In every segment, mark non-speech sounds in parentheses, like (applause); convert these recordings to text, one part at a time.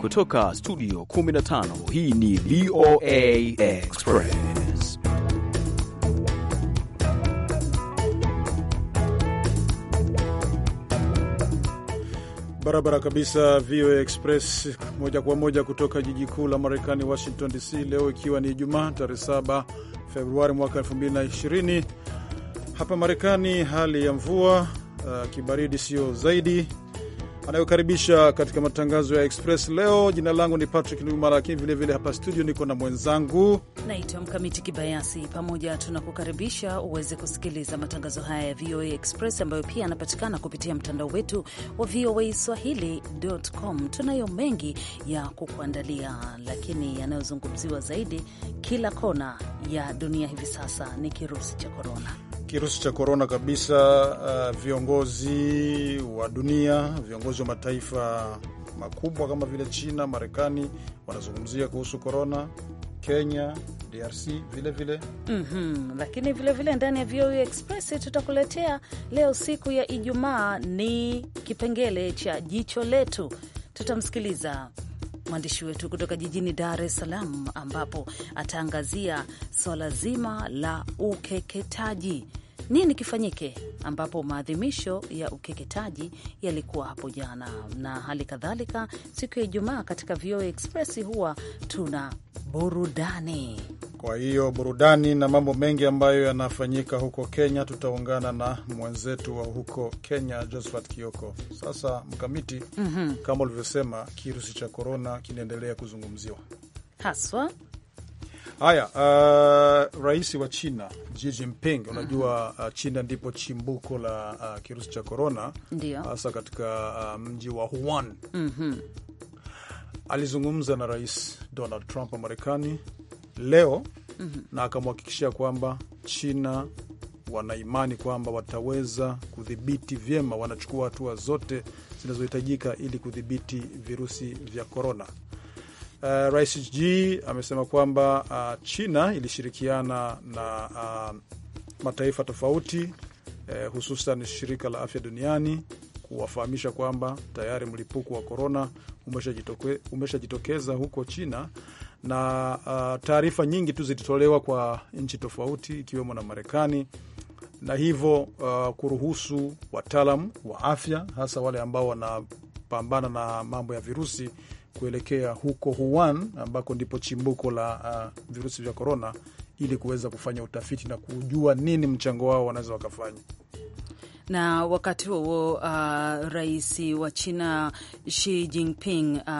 Kutoka studio 15 hii ni VOA Express. Barabara kabisa, VOA Express moja kwa moja kutoka jiji kuu la Marekani, Washington DC, leo ikiwa ni Ijumaa tarehe 7 Februari mwaka 2020. Hapa Marekani hali ya mvua, uh, kibaridi sio zaidi anayokaribisha katika matangazo ya Express leo. Jina langu ni Patrick Ndumara, lakini vilevile hapa studio niko na mwenzangu naitwa Mkamiti Kibayasi. Pamoja tunakukaribisha uweze kusikiliza matangazo haya ya VOA Express ambayo pia yanapatikana kupitia mtandao wetu wa VOA Swahili.com. Tunayo mengi ya kukuandalia, lakini yanayozungumziwa zaidi kila kona ya dunia hivi sasa ni kirusi cha korona kirusi cha korona kabisa. Uh, viongozi wa dunia, viongozi wa mataifa makubwa kama vile China, Marekani wanazungumzia kuhusu korona, Kenya, DRC vilevile vile. Mm -hmm. Lakini vilevile ndani ya VOA e Express tutakuletea leo, siku ya Ijumaa, ni kipengele cha jicho letu. Tutamsikiliza mwandishi wetu kutoka jijini Dar es Salaam ambapo ataangazia swala zima la ukeketaji nini kifanyike, ambapo maadhimisho ya ukeketaji yalikuwa hapo jana, na hali kadhalika siku ya Ijumaa katika VOA Express huwa tuna burudani. Kwa hiyo burudani na mambo mengi ambayo yanafanyika huko Kenya, tutaungana na mwenzetu wa huko Kenya, Josephat Kioko. Sasa Mkamiti, mm -hmm. kama ulivyosema, kirusi cha korona kinaendelea kuzungumziwa haswa Haya, uh, rais wa China Xi Jinping, mhm. unajua uh, China ndipo chimbuko la uh, kirusi cha korona, hasa katika uh, mji wa Wuhan mm -hmm. Alizungumza na Rais Donald Trump wa Marekani leo mm -hmm. na akamhakikishia kwamba China wanaimani kwamba wataweza kudhibiti vyema, wanachukua hatua zote zinazohitajika ili kudhibiti virusi vya korona. Uh, Rais G amesema kwamba uh, China ilishirikiana na uh, mataifa tofauti uh, hususan shirika la afya duniani kuwafahamisha kwamba tayari mlipuko wa korona umeshajitokeza huko China, na uh, taarifa nyingi tu zilitolewa kwa nchi tofauti ikiwemo na Marekani na hivyo uh, kuruhusu wataalamu wa afya hasa wale ambao wanapambana na mambo ya virusi kuelekea huko Wuhan ambako ndipo chimbuko la uh, virusi vya korona, ili kuweza kufanya utafiti na kujua nini mchango wao wanaweza wakafanya. Na wakati huo uh, rais wa China Xi Jinping uh,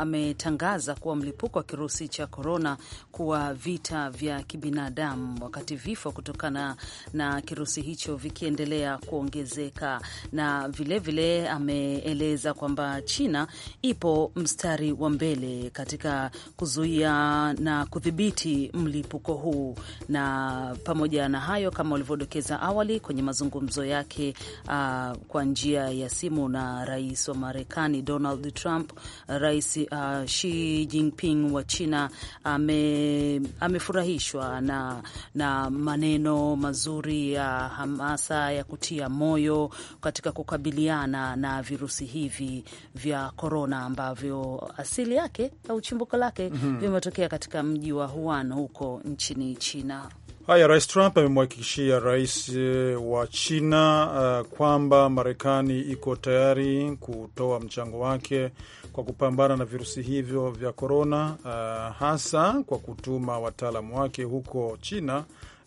ametangaza kuwa mlipuko wa kirusi cha korona kuwa vita vya kibinadamu, wakati vifo kutokana na kirusi hicho vikiendelea kuongezeka, na vilevile vile ameeleza kwamba China ipo mstari wa mbele katika kuzuia na kudhibiti mlipuko huu, na pamoja na hayo, kama walivyodokeza awali kwenye mazungumzo yake yake uh, kwa njia ya simu na rais wa Marekani Donald Trump. Uh, rais uh, Xi Jinping wa China ame, amefurahishwa na, na maneno mazuri ya hamasa ya kutia moyo katika kukabiliana na virusi hivi vya korona ambavyo asili yake au chimbuko lake mm -hmm. vimetokea katika mji wa Wuhan huko nchini China. Haya, Rais Trump amemhakikishia rais eh, wa China uh, kwamba Marekani iko tayari kutoa mchango wake kwa kupambana na virusi hivyo vya korona, uh, eh, hasa kwa kutuma wataalamu wake huko China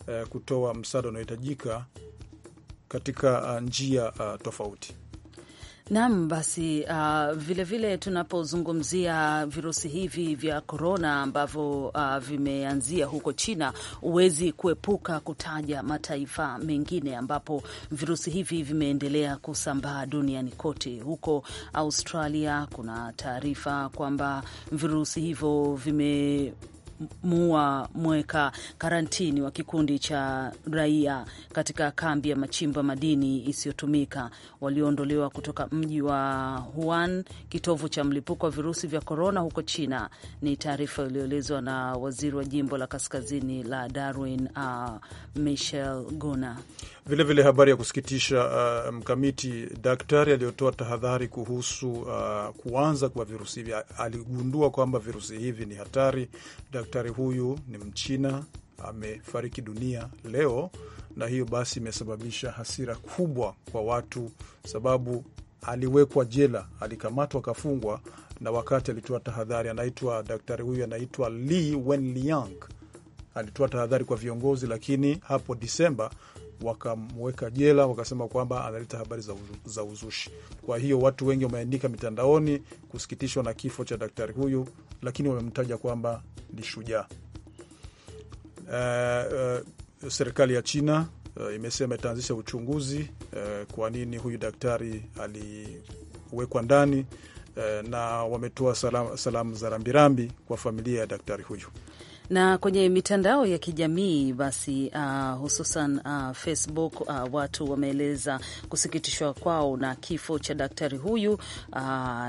uh, kutoa msaada unaohitajika katika njia uh, tofauti. Naam, basi uh, vilevile tunapozungumzia virusi hivi vya korona ambavyo uh, vimeanzia huko China, huwezi kuepuka kutaja mataifa mengine ambapo virusi hivi vimeendelea kusambaa duniani kote. Huko Australia kuna taarifa kwamba virusi hivyo vime muwa mweka karantini wa kikundi cha raia katika kambi ya machimba madini isiyotumika walioondolewa kutoka mji wa Wuhan, kitovu cha mlipuko wa virusi vya korona huko China. Ni taarifa iliyoelezwa na waziri wa jimbo la kaskazini la Darwin, uh, Michel Guna. Vilevile habari ya kusikitisha uh, mkamiti, daktari aliyotoa tahadhari kuhusu uh, kuanza kwa virusi hivi aligundua kwamba virusi hivi ni hatari. Daktari daktari huyu ni Mchina amefariki dunia leo, na hiyo basi imesababisha hasira kubwa kwa watu, sababu aliwekwa jela, alikamatwa akafungwa, na wakati alitoa tahadhari, anaitwa daktari huyu anaitwa Li Wenliang, alitoa tahadhari kwa viongozi, lakini hapo Disemba wakamweka jela, wakasema kwamba analeta habari za, uzu, za uzushi. Kwa hiyo watu wengi wameandika mitandaoni kusikitishwa na kifo cha daktari huyu, lakini wamemtaja kwamba ni shujaa. Uh, uh, serikali ya China uh, imesema itaanzisha uchunguzi uh, kwa nini huyu daktari aliwekwa ndani uh, na wametoa salamu salam za rambirambi kwa familia ya daktari huyu na kwenye mitandao ya kijamii basi, uh, hususan uh, Facebook, uh, watu wameeleza kusikitishwa kwao na kifo cha daktari huyu uh,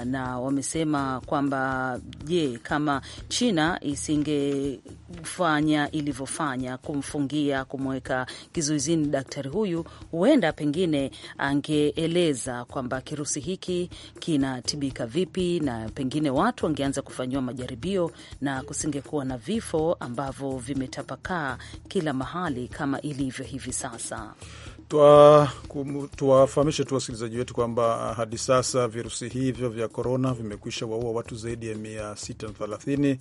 na wamesema kwamba je, kama China isingefanya ilivyofanya kumfungia, kumweka kizuizini daktari huyu, huenda pengine angeeleza kwamba kirusi hiki kinatibika vipi, na pengine watu wangeanza kufanyiwa majaribio na kusingekuwa na vifo ambavyo vimetapakaa kila mahali kama ilivyo hivi sasa. Tuwafahamishe tu wasikilizaji wetu kwamba ah, hadi sasa virusi hivyo vya korona vimekwisha waua watu zaidi ya 630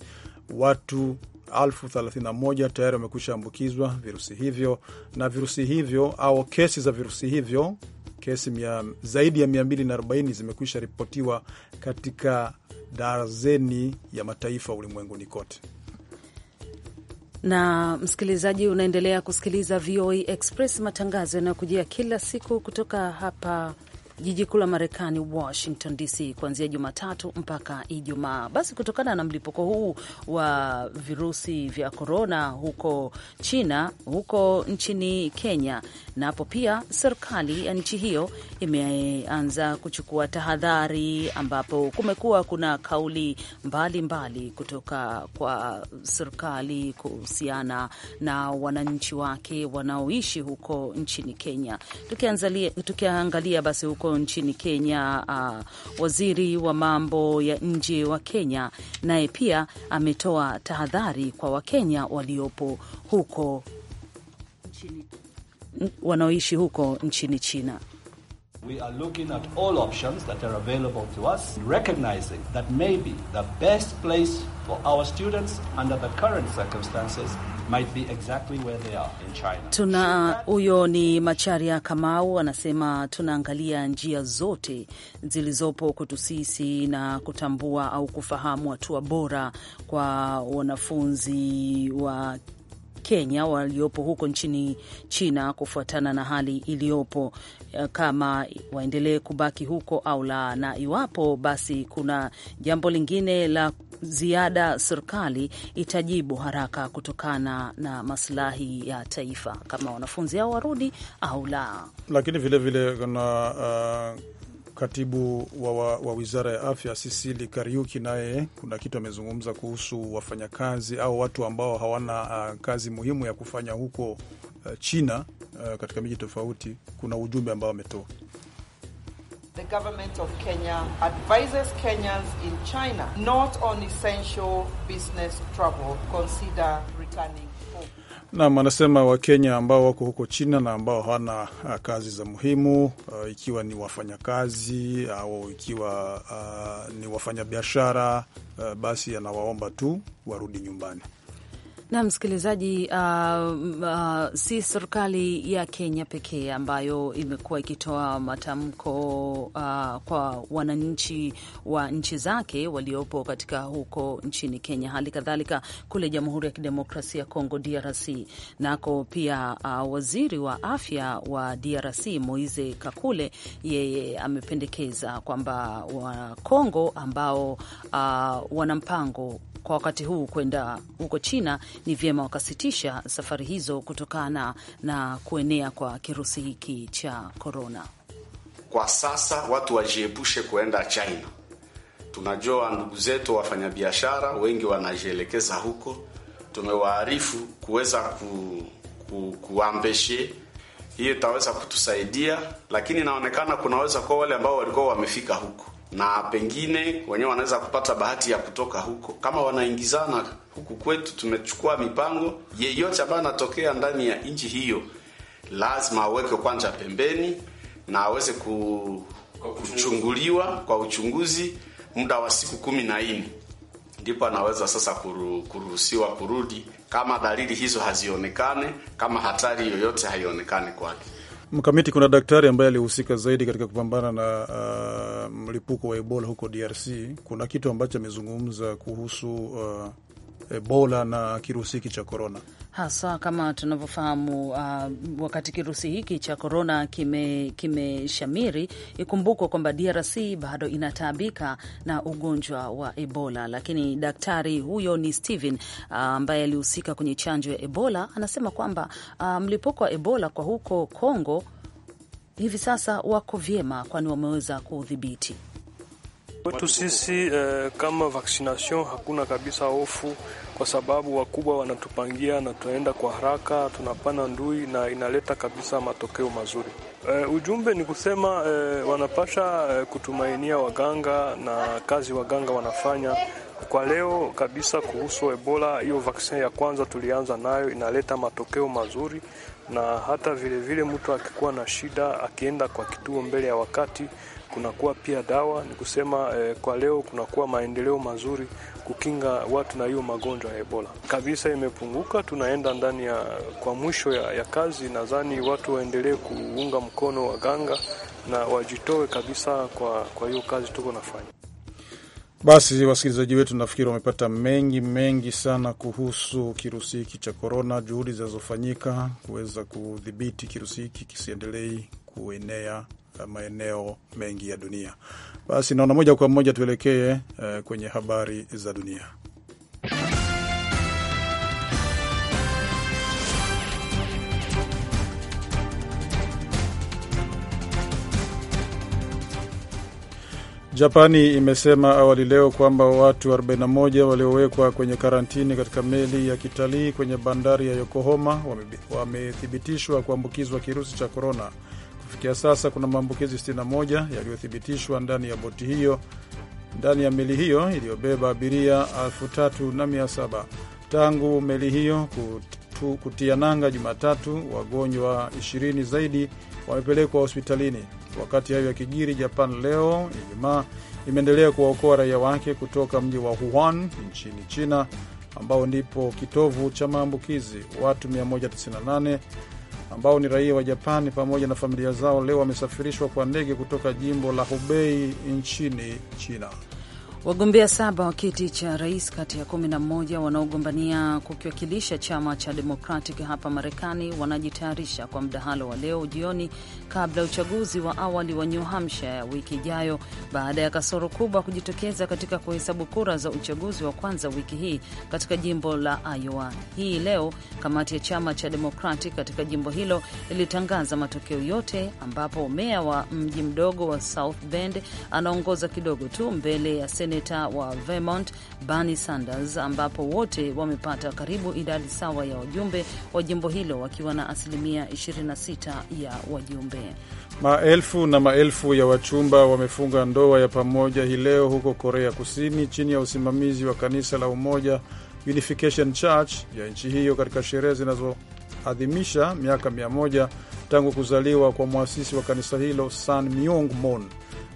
watu elfu 31 tayari wamekwisha ambukizwa virusi hivyo, na virusi hivyo au kesi za virusi hivyo kesi mia, zaidi ya 240 zimekwisha ripotiwa katika darzeni ya mataifa ulimwenguni kote na msikilizaji, unaendelea kusikiliza VOA Express, matangazo yanayokujia kila siku kutoka hapa jiji kuu la Marekani, Washington DC, kuanzia Jumatatu mpaka Ijumaa. Basi kutokana na mlipuko huu wa virusi vya korona huko China, huko nchini Kenya, napo pia serikali ya nchi hiyo imeanza kuchukua tahadhari, ambapo kumekuwa kuna kauli mbalimbali mbali kutoka kwa serikali kuhusiana na wananchi wake wanaoishi huko nchini Kenya. Tukiangalia basi huko nchini Kenya. Uh, waziri wa mambo ya nje wa Kenya naye pia ametoa tahadhari kwa Wakenya waliopo huko wanaoishi huko nchini China. We are looking at all options that are available to us, recognizing that maybe the best place for our students under the current circumstances Tuna huyo ni Macharia Kamau anasema tunaangalia njia zote zilizopo kwetu sisi na kutambua au kufahamu hatua bora kwa wanafunzi wa Kenya waliopo huko nchini China kufuatana na hali iliyopo, eh, kama waendelee kubaki huko au la, na iwapo basi kuna jambo lingine la ziada serikali itajibu haraka kutokana na masilahi ya taifa, kama wanafunzi hao warudi au la. Lakini vilevile kuna uh, katibu wa, wa, wa wizara ya afya Sisili Kariuki, naye kuna kitu amezungumza kuhusu wafanyakazi au watu ambao hawana uh, kazi muhimu ya kufanya huko uh, China uh, katika miji tofauti. Kuna ujumbe ambao ametoa the government of Kenya advises Kenyans in China not on essential business travel, consider returning Nam anasema Wakenya ambao wako huko China na ambao hawana uh, kazi za muhimu uh, ikiwa ni wafanyakazi au ikiwa uh, ni wafanyabiashara uh, basi anawaomba tu warudi nyumbani. Na msikilizaji, uh, uh, si serikali ya Kenya pekee ambayo imekuwa ikitoa matamko uh, kwa wananchi wa nchi zake waliopo katika huko nchini Kenya, hali kadhalika kule Jamhuri ya Kidemokrasia ya Kongo DRC nako pia uh, waziri wa afya wa DRC Moise Kakule yeye amependekeza kwamba Wakongo ambao uh, wana mpango kwa wakati huu kwenda huko China, ni vyema wakasitisha safari hizo kutokana na kuenea kwa kirusi hiki cha korona. Kwa sasa watu wajiepushe kuenda China. Tunajua ndugu zetu wafanyabiashara wengi wanajielekeza huko, tumewaarifu kuweza ku, ku, kuambeshe hiyo itaweza kutusaidia, lakini inaonekana kunaweza kuwa wale ambao walikuwa wamefika huko na pengine wenyewe wanaweza kupata bahati ya kutoka huko, kama wanaingizana huku kwetu. Tumechukua mipango yeyote ambayo anatokea ndani ya nchi hiyo, lazima aweke kwanza pembeni na aweze kuchunguliwa kwa uchunguzi muda wa siku kumi na nne ndipo anaweza sasa kuru, kuruhusiwa kurudi, kama dalili hizo hazionekane, kama hatari yoyote haionekane kwake. Mkamiti, kuna daktari ambaye alihusika zaidi katika kupambana na uh, mlipuko wa Ebola huko DRC. Kuna kitu ambacho amezungumza kuhusu uh, Ebola na kirusi hiki cha korona haswa kama tunavyofahamu uh, wakati kirusi hiki cha korona kimeshamiri kime, ikumbukwa kwamba DRC bado inataabika na ugonjwa wa Ebola, lakini daktari huyo ni Steven uh, ambaye uh, alihusika kwenye chanjo ya Ebola anasema kwamba uh, mlipuko wa Ebola kwa huko Kongo hivi sasa wako vyema, kwani wameweza kuudhibiti. Kwetu sisi eh, kama vaccination hakuna kabisa hofu, kwa sababu wakubwa wanatupangia na tunaenda kwa haraka, tunapana ndui na inaleta kabisa matokeo mazuri. Eh, ujumbe ni kusema eh, wanapasha eh, kutumainia waganga na kazi waganga wanafanya kwa leo kabisa. Kuhusu Ebola, hiyo vaksin ya kwanza tulianza nayo inaleta matokeo mazuri, na hata vilevile mtu akikuwa na shida akienda kwa kituo mbele ya wakati kunakuwa pia dawa. Ni kusema eh, kwa leo kunakuwa maendeleo mazuri kukinga watu na hiyo magonjwa ya Ebola kabisa imepunguka. Tunaenda ndani ya kwa mwisho ya, ya kazi. Nadhani watu waendelee kuunga mkono waganga na wajitoe kabisa kwa kwa hiyo kazi tuko nafanya. Basi wasikilizaji wetu, nafikiri wamepata mengi mengi sana kuhusu kirusi hiki cha korona, juhudi zinazofanyika kuweza kudhibiti kirusi hiki kisiendelei kuenea maeneo mengi ya dunia. Basi naona moja kwa moja tuelekee eh, kwenye habari za dunia. Japani imesema awali leo kwamba watu 41 waliowekwa kwenye karantini katika meli ya kitalii kwenye bandari ya Yokohama wamethibitishwa kuambukizwa kirusi cha korona. Kufikia sasa kuna maambukizi 61 yaliyothibitishwa ndani ya boti hiyo ndani ya meli hiyo iliyobeba abiria 3700 tangu meli hiyo kutu, kutia nanga Jumatatu. Wagonjwa 20 zaidi wamepelekwa hospitalini. Wakati hayo yakijiri, Japan leo Ijumaa imeendelea kuwaokoa raia wake kutoka mji wa Wuhan nchini China ambao ndipo kitovu cha maambukizi. Watu 198 ambao ni raia wa Japani pamoja na familia zao leo wamesafirishwa kwa ndege kutoka jimbo la Hubei nchini China. Wagombea saba wa kiti cha rais kati ya 11 wanaogombania kukiwakilisha chama cha Democratic hapa Marekani wanajitayarisha kwa mdahalo wa leo jioni kabla ya uchaguzi wa awali wa New Hampshire ya wiki ijayo, baada ya kasoro kubwa kujitokeza katika kuhesabu kura za uchaguzi wa kwanza wiki hii katika jimbo la Iowa. Hii leo kamati ya chama cha Democratic katika jimbo hilo ilitangaza matokeo yote, ambapo meya wa mji mdogo wa South Bend anaongoza kidogo tu mbele ya seneta wa Vermont Bernie Sanders, ambapo wote wamepata karibu idadi sawa ya wajumbe wa jimbo hilo wakiwa na asilimia 26 ya wajumbe. Maelfu na maelfu ya wachumba wamefunga ndoa ya pamoja hii leo huko Korea Kusini chini ya usimamizi wa kanisa la Umoja Unification Church ya nchi hiyo katika sherehe zinazoadhimisha miaka mia moja tangu kuzaliwa kwa mwasisi wa kanisa hilo San Myung Moon.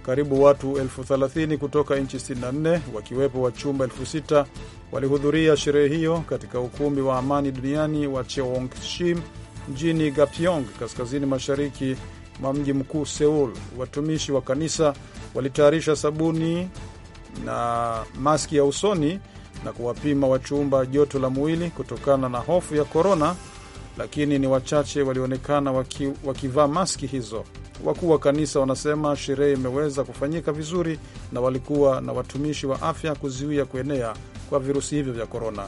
Karibu watu elfu thelathini kutoka nchi 64 wakiwepo wachumba elfu sita walihudhuria sherehe hiyo katika ukumbi wa amani duniani wa Cheongshim mjini Gapyong, kaskazini mashariki mwa mji mkuu Seul. Watumishi wa kanisa walitayarisha sabuni na maski ya usoni na kuwapima wachumba joto la mwili kutokana na hofu ya korona, lakini ni wachache walionekana wakivaa waki maski hizo. Wakuu wa kanisa wanasema sherehe imeweza kufanyika vizuri na walikuwa na watumishi wa afya kuzuia kuenea kwa virusi hivyo vya korona.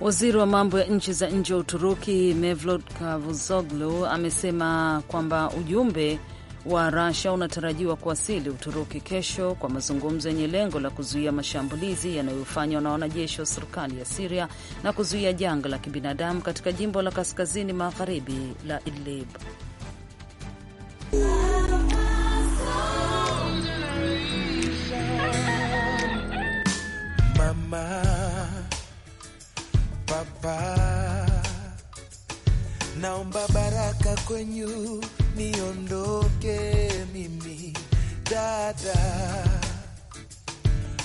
Waziri wa mambo ya nchi za nje wa Uturuki Mevlut Cavusoglu amesema kwamba ujumbe wa Rasha unatarajiwa kuwasili Uturuki kesho kwa mazungumzo yenye lengo la kuzuia mashambulizi yanayofanywa na wanajeshi wa serikali ya Siria na kuzuia janga la kibinadamu katika jimbo la kaskazini magharibi la Idlib. Mama, papa naomba baraka kwenyu niondoke mimi dada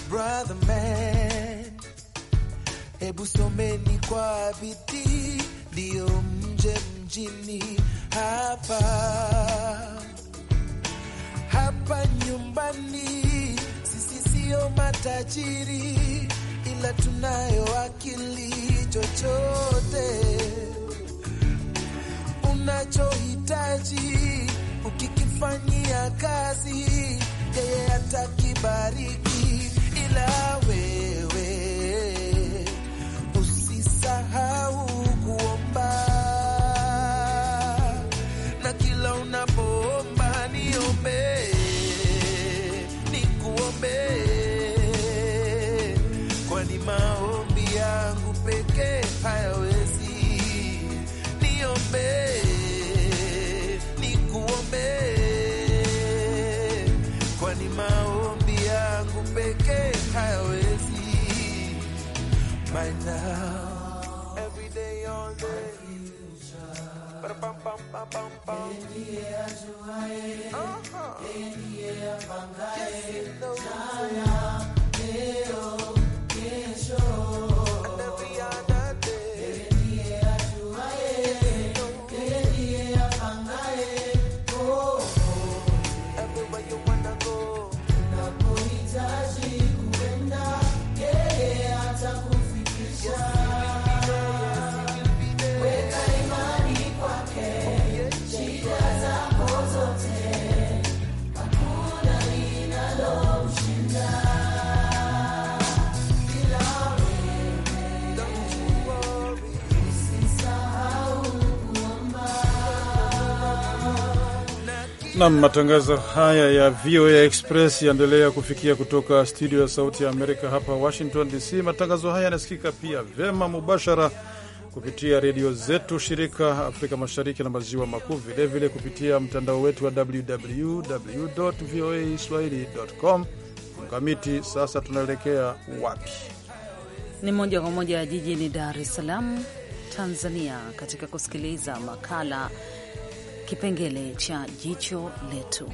brother man, hebu someni kwa bidii, ndio mje mjini hapa hapa nyumbani sisi sio matajiri, ila tunayo akili. Chochote unachohitaji ukikifanyia kazi, yeye atakibariki, ila we Nam, matangazo haya ya VOA Express yaendelea kufikia kutoka studio ya Sauti ya Amerika hapa Washington DC. Matangazo haya yanasikika pia vyema mubashara kupitia redio zetu shirika Afrika Mashariki na Maziwa Makuu, vilevile kupitia mtandao wetu wa www voa swahili com. Mkamiti, sasa tunaelekea wapi? Ni moja kwa moja jijini Dar es Salaam, Tanzania, katika kusikiliza makala kipengele cha jicho letu.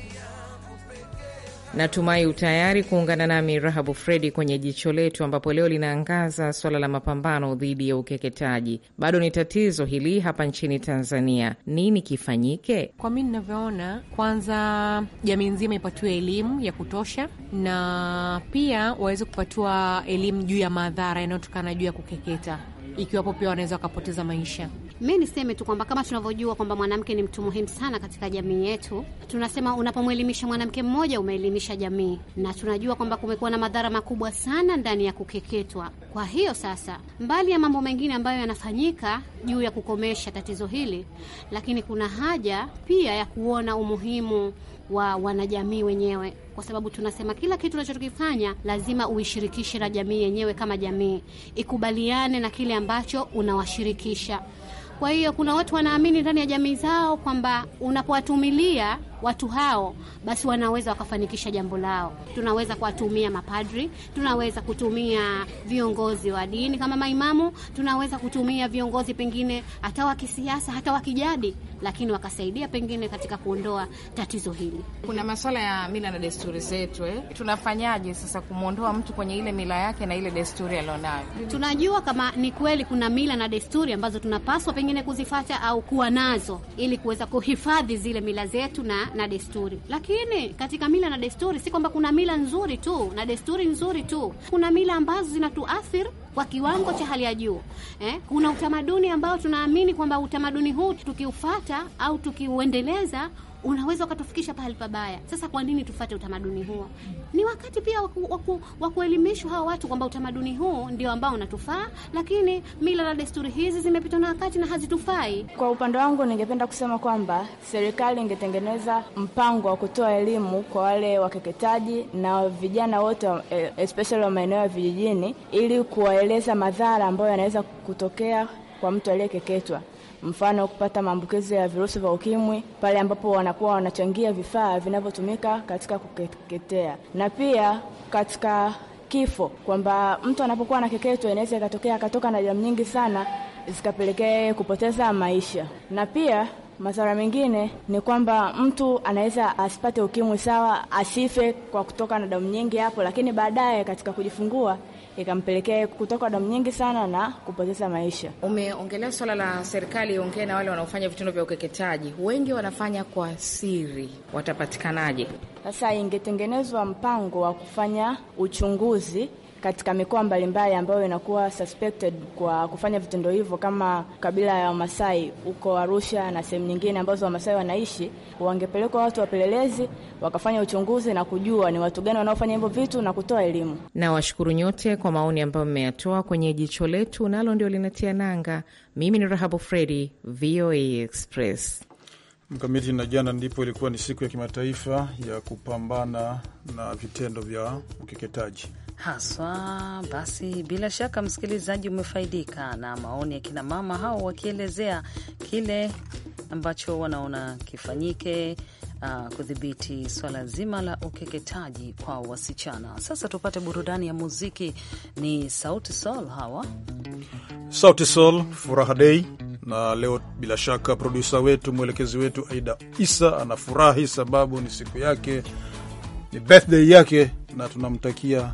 Natumai utayari kuungana nami Rahabu Fredi kwenye jicho letu, ambapo leo linaangaza swala la mapambano dhidi ya ukeketaji. Bado ni tatizo hili hapa nchini Tanzania. Nini kifanyike? Kwa mi ninavyoona, kwanza jamii nzima ipatiwe elimu ya kutosha, na pia waweze kupatiwa elimu juu ya madhara yanayotokana juu ya kukeketa, ikiwapo pia wanaweza wakapoteza maisha. Mi niseme tu kwamba kama tunavyojua kwamba mwanamke ni mtu muhimu sana katika jamii yetu, tunasema unapomwelimisha mwanamke mmoja umeelimisha jamii, na tunajua kwamba kumekuwa na madhara makubwa sana ndani ya kukeketwa. Kwa hiyo sasa, mbali ya mambo mengine ambayo yanafanyika juu ya kukomesha tatizo hili, lakini kuna haja pia ya kuona umuhimu wa wanajamii wenyewe, kwa sababu tunasema kila kitu unachokifanya lazima uishirikishe na jamii yenyewe, kama jamii ikubaliane na kile ambacho unawashirikisha. Kwa hiyo kuna watu wanaamini ndani ya jamii zao kwamba unapowatumilia watu hao basi wanaweza wakafanikisha jambo lao. Tunaweza kuwatumia mapadri, tunaweza kutumia viongozi wa dini kama maimamu, tunaweza kutumia viongozi pengine hata wa kisiasa, hata wa kijadi lakini wakasaidia pengine katika kuondoa tatizo hili. Kuna masuala ya mila na desturi zetu eh? Tunafanyaje sasa kumwondoa mtu kwenye ile mila yake na ile desturi alionayo? Tunajua kama ni kweli kuna mila na desturi ambazo tunapaswa pengine kuzifata au kuwa nazo ili kuweza kuhifadhi zile mila zetu na, na desturi. Lakini katika mila na desturi si kwamba kuna mila nzuri tu na desturi nzuri tu, kuna mila ambazo zinatuathiri kwa kiwango cha hali ya juu eh. Kuna utamaduni ambao tunaamini kwamba utamaduni huu tukiufata au tukiuendeleza unaweza ukatufikisha pahali pabaya. Sasa kwa nini tufate utamaduni huo? Ni wakati pia wa kuelimishwa hawa watu kwamba utamaduni huu ndio ambao unatufaa, lakini mila na desturi hizi zimepitwa na wakati na hazitufai. Kwa upande wangu, ningependa kusema kwamba serikali ingetengeneza mpango wa kutoa elimu kwa wale wakeketaji na vijana wote, eh, especially wa maeneo ya vijijini, ili kuwaeleza madhara ambayo yanaweza kutokea kwa mtu aliyekeketwa mfano kupata maambukizi ya virusi vya ukimwi pale ambapo wanakuwa wanachangia vifaa vinavyotumika katika kukeketea, na pia katika kifo, kwamba mtu anapokuwa anakeketwa inaweza ikatokea akatoka na damu nyingi sana zikapelekea kupoteza maisha, na pia madhara mengine ni kwamba mtu anaweza asipate ukimwi sawa, asife kwa kutoka na damu nyingi hapo, lakini baadaye katika kujifungua ikampelekea kutoka damu nyingi sana na kupoteza maisha. Umeongelea swala la serikali iongee na wale wanaofanya vitendo vya ukeketaji, wengi wanafanya kwa siri, watapatikanaje? Sasa ingetengenezwa mpango wa kufanya uchunguzi katika mikoa mbalimbali ambayo inakuwa suspected kwa kufanya vitendo hivyo, kama kabila ya Wamasai huko Arusha na sehemu nyingine ambazo Wamasai wanaishi, wangepelekwa watu wapelelezi wakafanya uchunguzi na kujua ni watu gani wanaofanya hivyo vitu na kutoa elimu. Na washukuru nyote kwa maoni ambayo mmeyatoa kwenye jicho letu, nalo ndio linatia nanga. Mimi ni Rahabu Fredi, VOA Express mkamiti na jana ndipo ilikuwa ni siku ya kimataifa ya kupambana na vitendo vya ukeketaji haswa. Basi bila shaka, msikilizaji, umefaidika na maoni ya kinamama hao wakielezea kile ambacho wanaona kifanyike uh, kudhibiti swala zima la ukeketaji kwa wasichana. Sasa tupate burudani ya muziki. Ni Sauti Sol hawa, Sauti Sol, furaha dei na leo bila shaka produsa wetu mwelekezi wetu Aida Isa anafurahi sababu ni siku yake, ni birthday yake, na tunamtakia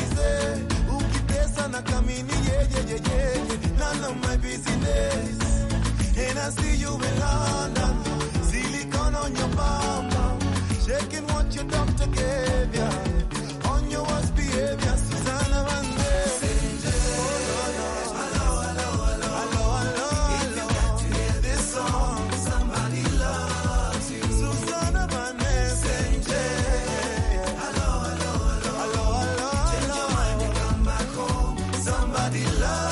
my on your nobody loves.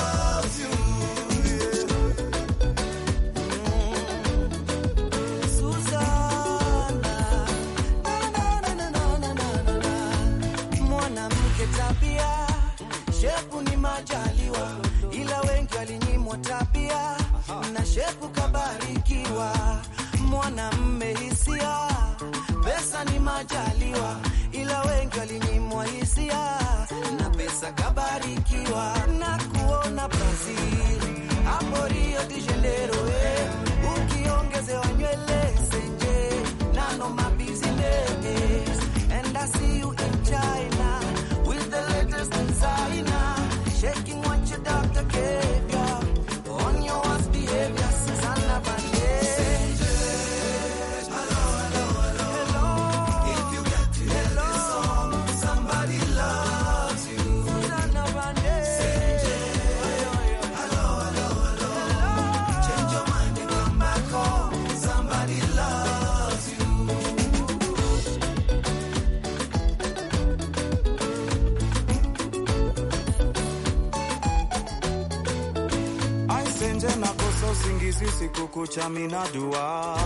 cha minadua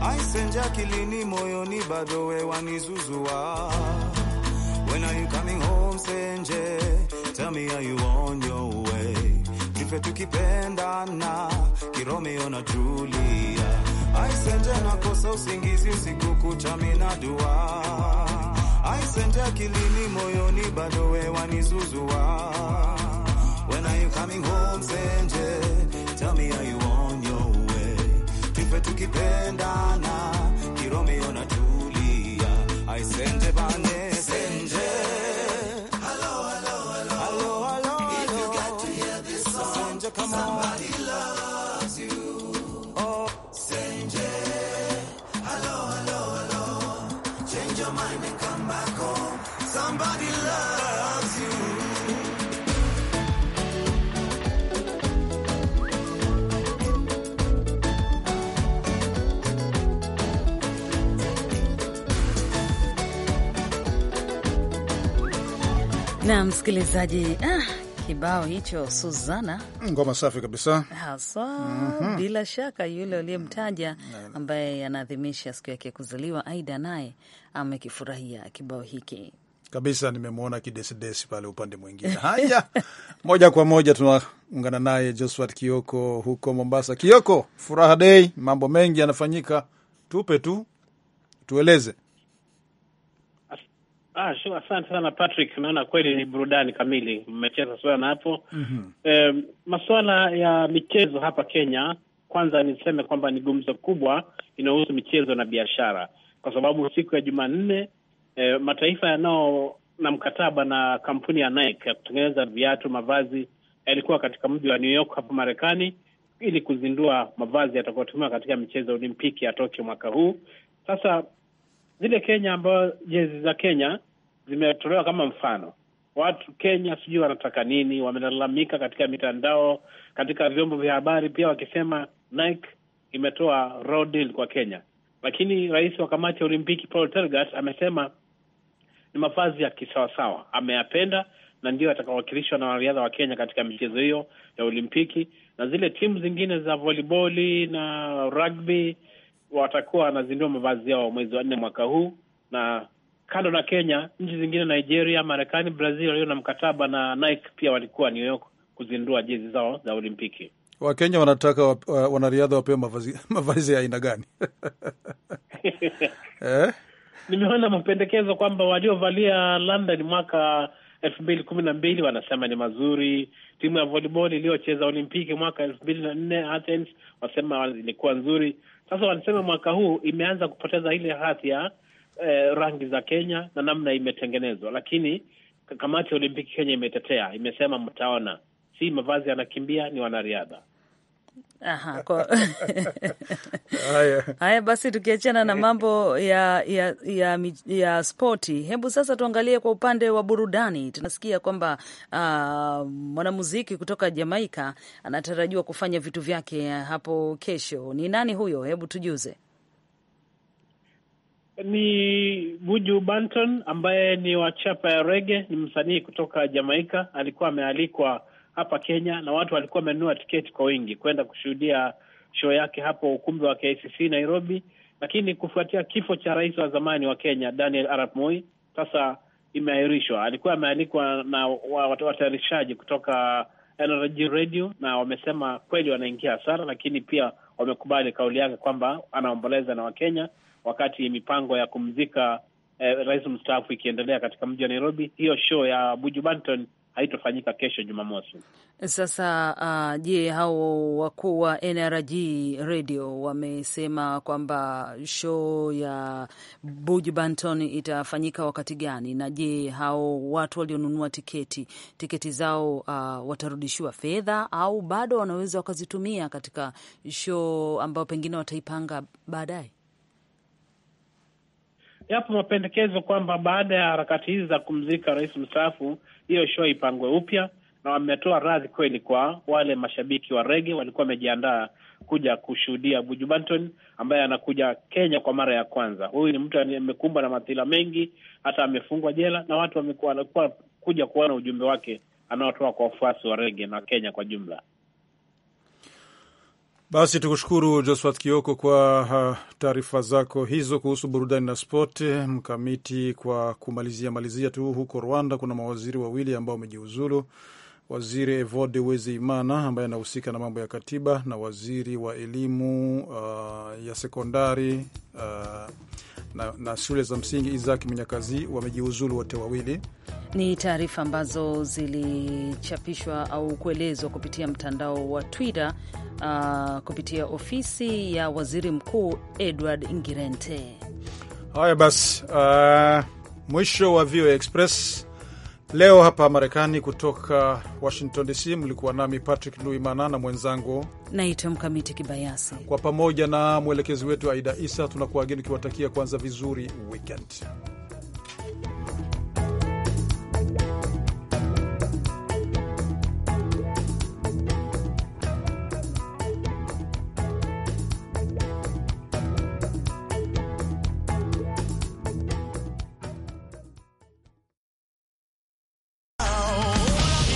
aisenja kilini moyoni bado we wanizuzua When are you coming home senje tell me are you on your way Tufe tukipendana kiromeo na Julia aisenje nakosa usingizi usiku kucha minadua aisenja kilini moyoni bado we wanizuzua When are you coming home senje tell me are you on your kwetu msikilizaji, ah, kibao hicho Suzana, ngoma safi kabisa haswa. mm -hmm. Bila shaka yule uliyemtaja mm. ambaye anaadhimisha siku yake ya kuzaliwa Aida naye amekifurahia kibao hiki kabisa. Nimemwona kidesidesi pale upande mwingine. (laughs) Haya, moja kwa moja tunaungana naye Josphat Kioko huko Mombasa. Kioko, furaha dei, mambo mengi yanafanyika, tupe tu tueleze. Ah, asante sana Patrick. Naona kweli ni burudani kamili, mmecheza sana hapo. mm -hmm. Eh, masuala ya michezo hapa Kenya, kwanza niseme kwamba ni gumzo kubwa inayohusu michezo na biashara, kwa sababu siku ya Jumanne eh, mataifa yanao na mkataba na kampuni ya Nike ya kutengeneza viatu, mavazi yalikuwa katika mji wa New York hapa Marekani ili kuzindua mavazi yatakayotumiwa katika michezo ya Olimpiki ya Tokyo mwaka huu. Sasa zile Kenya ambayo jezi za Kenya zimetolewa kama mfano. Watu Kenya sijui wanataka nini, wamelalamika katika mitandao, katika vyombo vya habari pia, wakisema Nike imetoa raw deal kwa Kenya, lakini rais wa kamati ya Olimpiki Paul Tergat amesema ni mavazi ya kisawasawa, ameyapenda na ndio atakawakilishwa na wanariadha wa Kenya katika michezo hiyo ya Olimpiki na zile timu zingine za voliboli na rugby watakuwa wanazindua mavazi yao mwezi wa nne mwaka huu, na kando na Kenya, nchi zingine Nigeria, Marekani, Brazil walio na mkataba na Nike pia walikuwa New York kuzindua jezi zao za Olimpiki. Wakenya wanataka wanariadha wapewe mavazi, (laughs) mavazi ya aina gani? (laughs) eh? Nimeona mapendekezo kwamba waliovalia London mwaka elfu mbili kumi na mbili wanasema ni mazuri. Timu ya volleyball iliyocheza Olimpiki mwaka elfu mbili na nne Athens wasema ilikuwa nzuri. Sasa walisema mwaka huu imeanza kupoteza ile hadhi ya eh, rangi za Kenya na namna imetengenezwa, lakini kamati ya Olimpiki Kenya imetetea, imesema mtaona, si mavazi yanakimbia, ni wanariadha. Aha, (laughs) kwa... haya. Haya basi, tukiachana na mambo ya, ya, ya, ya spoti, hebu sasa tuangalie kwa upande wa burudani. Tunasikia kwamba uh, mwanamuziki kutoka Jamaika anatarajiwa kufanya vitu vyake hapo kesho. Ni nani huyo? Hebu tujuze. Ni Buju Banton ambaye ni wa chapa ya rege, ni msanii kutoka Jamaika. Alikuwa amealikwa hapa Kenya, na watu walikuwa wamenunua tiketi kwa wingi kwenda kushuhudia show yake hapo ukumbi wa KCC Nairobi, lakini kufuatia kifo cha rais wa zamani wa Kenya Daniel Arap Moi, sasa imeahirishwa. Alikuwa amealikwa na watayarishaji kutoka NRG Radio na wamesema kweli wanaingia hasara, lakini pia wamekubali kauli yake kwamba anaomboleza na Wakenya wakati mipango ya kumzika eh, rais mstaafu ikiendelea katika mji wa Nairobi. Hiyo show ya Buju Banton haitofanyika kesho Jumamosi. Sasa uh, je, hao wakuu wa NRG radio wamesema kwamba show ya Buju Banton itafanyika wakati gani? Na je, hao watu walionunua tiketi tiketi zao uh, watarudishiwa fedha au bado wanaweza wakazitumia katika show ambayo pengine wataipanga baadaye? Yapo mapendekezo kwamba baada ya harakati hizi za kumzika rais mstaafu hiyo show ipangwe upya, na wametoa radhi kweli kwa wale mashabiki wa rege walikuwa wamejiandaa kuja kushuhudia Buju Banton ambaye anakuja Kenya kwa mara ya kwanza. Huyu ni mtu amekumbwa na madhila mengi, hata amefungwa jela, na watu wamekuwa kuja kuona ujumbe wake anaotoa kwa wafuasi wa rege na Kenya kwa jumla. Basi tukushukuru Josphat Kioko kwa taarifa zako hizo kuhusu burudani na spot Mkamiti, kwa kumalizia malizia tu, huko Rwanda kuna mawaziri wawili ambao wamejiuzulu, waziri Evode imana ambaye anahusika na mambo ya katiba na waziri wa elimu uh, ya sekondari uh, na, na shule za msingi Isaac Mnyakazi wamejiuzulu wote wawili. Ni taarifa ambazo zilichapishwa au kuelezwa kupitia mtandao wa Twitter uh, kupitia ofisi ya waziri mkuu Edward Ngirente. Haya basi, uh, mwisho wa VOA Express leo hapa Marekani. Kutoka Washington DC, mlikuwa nami Patrick Nduimana na mwenzangu naitwa Mkamiti Kibayasi, kwa pamoja na mwelekezi wetu Aida Isa, tunakuageni ukiwatakia kwanza vizuri weekend.